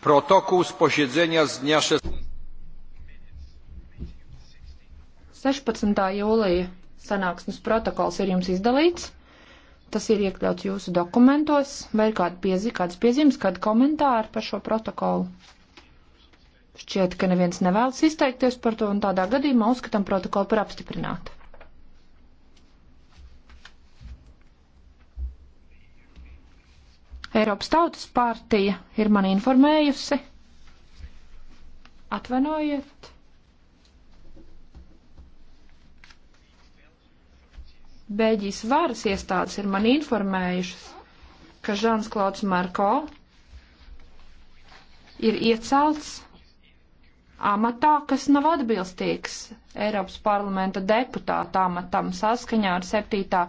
Protokół z posiedzenia z dnia 16. jūlija sanāksmes protokols ir jums izdalīts. Tas ir iekļauts jūsu dokumentos. Vai ir kāda piezi, kādas piezīmes, kāda komentāra par šo protokolu? Šķiet, ka neviens nevēlas izteikties par to, un tādā gadījumā uzskatām protokolu par apstiprinātu. Eiropas Tautas partija ir mani informējusi. Atvainojiet. Beļģijas varas iestādes ir mani informējušas, ka Žans Klauds Marko ir iecelts amatā, kas nav atbilstīgs Eiropas parlamenta deputāta amatam saskaņā ar 7.